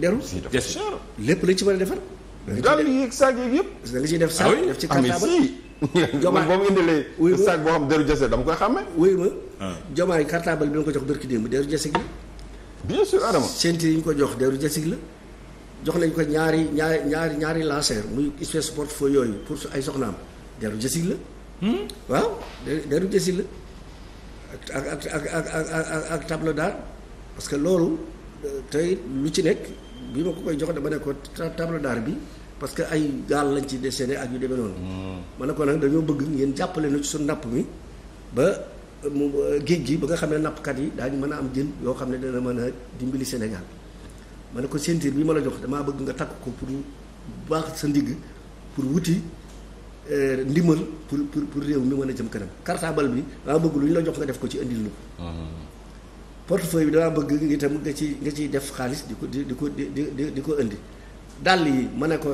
deru lépp lañ ci war a defar. daal di yéeg ciy def saag ah def ci ah, cartable jomaay man boo indilee. wuyu ma saag boo xam deru jase dama koy xàmme. wuyu ma ah. jomaay cartable bi nga ko jox barki démb deru jasig la. bien ñu ko jox deru jasig la. jox nañ ko ñaari ñaari ñaari ñaari lancer muy espèce portefeuille yooyu pour ay soxnaam deru jasig la. Hmm? waaw deru jasig la ak ak ak ak ak ak tableau d'art parce que loolu. tey lu ci nekk bi ma ko koy jox dama ne ko table d'art bi parce que ay gaal lañ ci dessiné ak yu deme noonu. Hmm. ma ne ko nag dañoo bëgg ngeen jàppale na ci suñu napp mi ba mu géej gi ba nga xam ne nappkat yi daañu mën a am jën yoo xam ne dana mën a dimbali Sénégal ma ne ko ceinture bi ma la jox damaa bëgg nga takk ko pour baax sa ndigg pour wuti. Euh, ndimbal pour pour pour réew mi mën a jëm kanam cartable bi maa bëgg lu ñu la jox nga def ko ci indil lu ko hmm. portefeuille bi danaa bëgg ngi itam nga ci nga ciy def xaalis di ko di di ko di di di ko indi dàll yi ma ne ko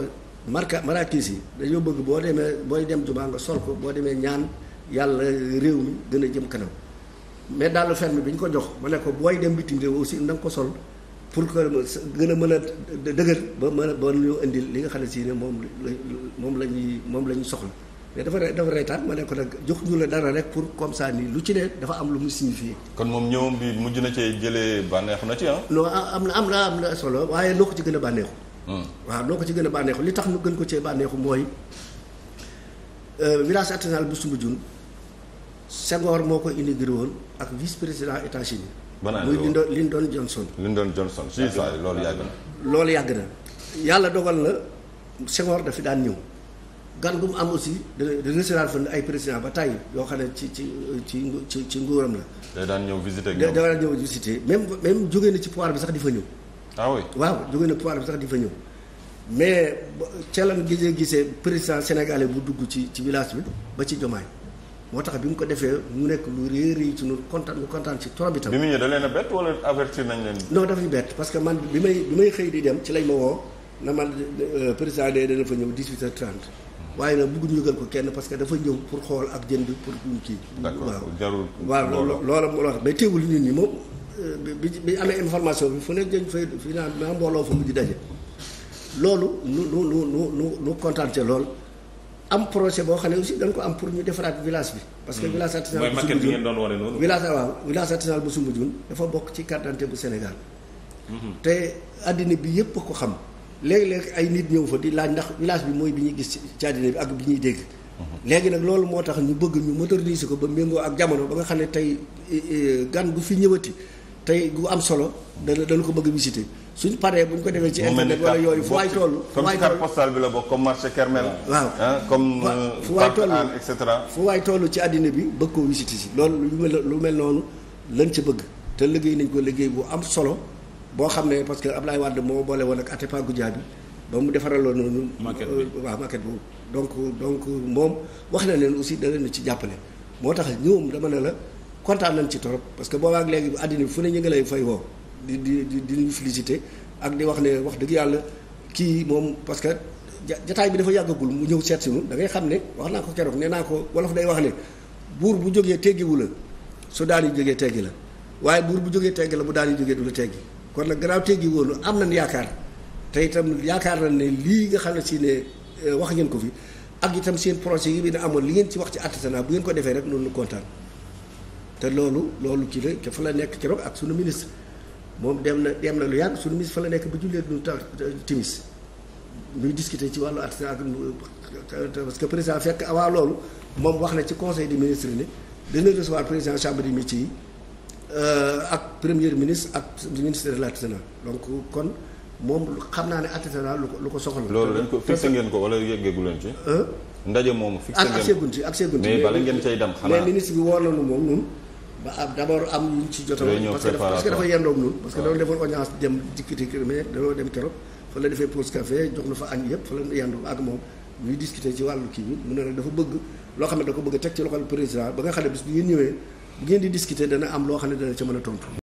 marka marakis yi dañoo bëgg boo demee booy dem jumaa nga sol ko boo demee ñaan yàlla réew mi gën a jëm kanam mais dàllu ferme bi ñu ko jox ma ne ko booy dem bitim réew aussi na ko sol pour que gën a mën a dëgër ba mën a ba ñu indi li nga xam ne si ne moom moom la ñuy moom la ñuy soxla mais dafa dafa reetaan ma ne ko nag jox ñu la dara rek pour comme ça nii lu ci ne dafa am lu mu signifié. kon moom ñëwam bi mujj na cee jëlee bànneex na ci ah. non am na am na am na solo waaye noo ko ci gën a bànneexu. Hmm. waaw noo ko ci gën a bànneexu li tax ñu gën ko cee bànneexu mooy euh, village artisanal bu Soumbédioune Senghor moo ko inauguré woon ak vice président États-Unis. banaan muy Lyndon Lyndon Johnson. Lyndon Johnson si ça loolu yàgg na. loolu yàgg na yàlla dogal na Senghor dafi daan ñëw. gan gu mu am aussi dana recevoir fan ay président ba tàyyi yoo xam ne ci ci ci ci ci nguuram la. day daan ñëw visiter. da daan ñëw visiter même même jóge na ci pouvoir bi sax di fa ñëw. ah oui waaw jóge na pouvoir bi sax di fa ñëw. mais ca la gisee gisee président sénégalais bu dugg ci ci village bi ba ci jomaay moo tax bi mu ko defee mu nekk lu rëy rëy ci nu kontaan ñu kontaan ci trop itam. bi mu ñëw da leen a bett wala avertir nañ leen. non dafa ñu bett parce que man bi bi may xëy di dem ci lañ woo na man euh, président de fa ñëw 18 h waaye nag bëgguñu yëgal ko kenn parce que dafa ñëw pour xool ak bi pour ñu kii. d'accord jarul waaw loola loola mais teewul nit ñi moom euh, bi bi amee information bi fu nekk jën fay fii naan maa mbooloo fa mujj daje loolu nu nu nu nu nu nu kontaan ca lool am projet boo xam ne aussi dañ ko am pour ñu defaraat village bi. parce que hmm. village artisanal bu Soumbédioune mooy bi ngeen doon wane noonu. village waaw village artisanal bu Soumbédioune dafa bokk ci carte d'identité bu Sénégal. Hmm. te àddina bi yëpp ko xam. léegi léeg ay nit ñëw fa di laaj ndax village bi mooy bi ñu gis ci àddina bi ak bi ñuy dégg mhm. léegi nag loolu moo tax ñu bëgg ñu moderniser ko ba méngoo ak jamono ba nga xam ne tey eh, eh, gan bu fi ñëwati tey gu am solo dana dana ko bëgg visiter suñ paree bu ñu ko defee ci internet wala yooyu fu waay toll fu waay toll comme bi la bokk comme marché Kermel waaw comme euh, et cetera fu waay toll ci àddina bi bëgg koo visiter si loolu lu mel lu mel noonu lañ ci bëgg te liggéey nañ ko liggéey bu am solo boo xam ne parce que Abdoulaye Wade moo boole woon ak Atepa Goudiaby ba mu defaraloo noonu. maquette bi euh, waaw maquette boobu. donc donc moom wax na leen aussi da leen ci jàppale moo tax ñoom dama ne la kontaan nañ ci torop parce que boobaak léegi àddina bi fu ne ñu ngi lay fay woo di di di di ñu félicité ak di wax ne wax dëgg yàlla kii moom parce que jataay bi dafa yàggagul mu ñëw seet si ñu da xam ne wax naa ko keroog nee naa ko wolof day wax ne buur bu jógee teggiwu la su daal di jógee teggi la waaye buur bu jógee teggi la bu daal di jógee du la teggi. kon nag gannaaw tey jii woonu am nañ yaakaar te itam yaakaar nañ ne lii nga xam ne si ne euh, wax ngeen ko fi ak itam seen projet yi bi ne amoon li ngeen ci wax ci artisanat bu ngeen ko defee rek noonu kontaan te loolu loolu ci la ca fa la nekk keroog ak sunu ministre moom dem na dem na lu yàgg sunu ministre fa la nekk ba julleet nu taw euh, timis muy discuter ci wàllu artisanat parce que président fekk avant loolu moom wax na ci conseil des ministres ne dana recevoir président chambre des Euh, ak premier ministre ak ministre de l'artisanat donc kon moom xam naa ne artisanat lu ko lu ko soxla. loolu dañ ko fixé ngeen ko wala yeggeegu leen ci. Euh? ndaje moomu fixé ngeen ko ak ak seegun dem xanaa mais ministre bi woor na moom ñun. ba ab ah, d' abord am ñu ci jot parce que parce que dafa yendoog ñun. parce que dañoo defoon audience dem dikkiti mais dañoo dem keroog fa la defee la yendoog ak moom. ñuy discuter ci wàllu kii bi mu ne nag dafa bëgg loo xam ne da ko bëgg a teg ci loxol président ba nga xam bis bi ngeen ñëwee. ngeen di discuter dana am loo xam ne dana ca mën a tontu.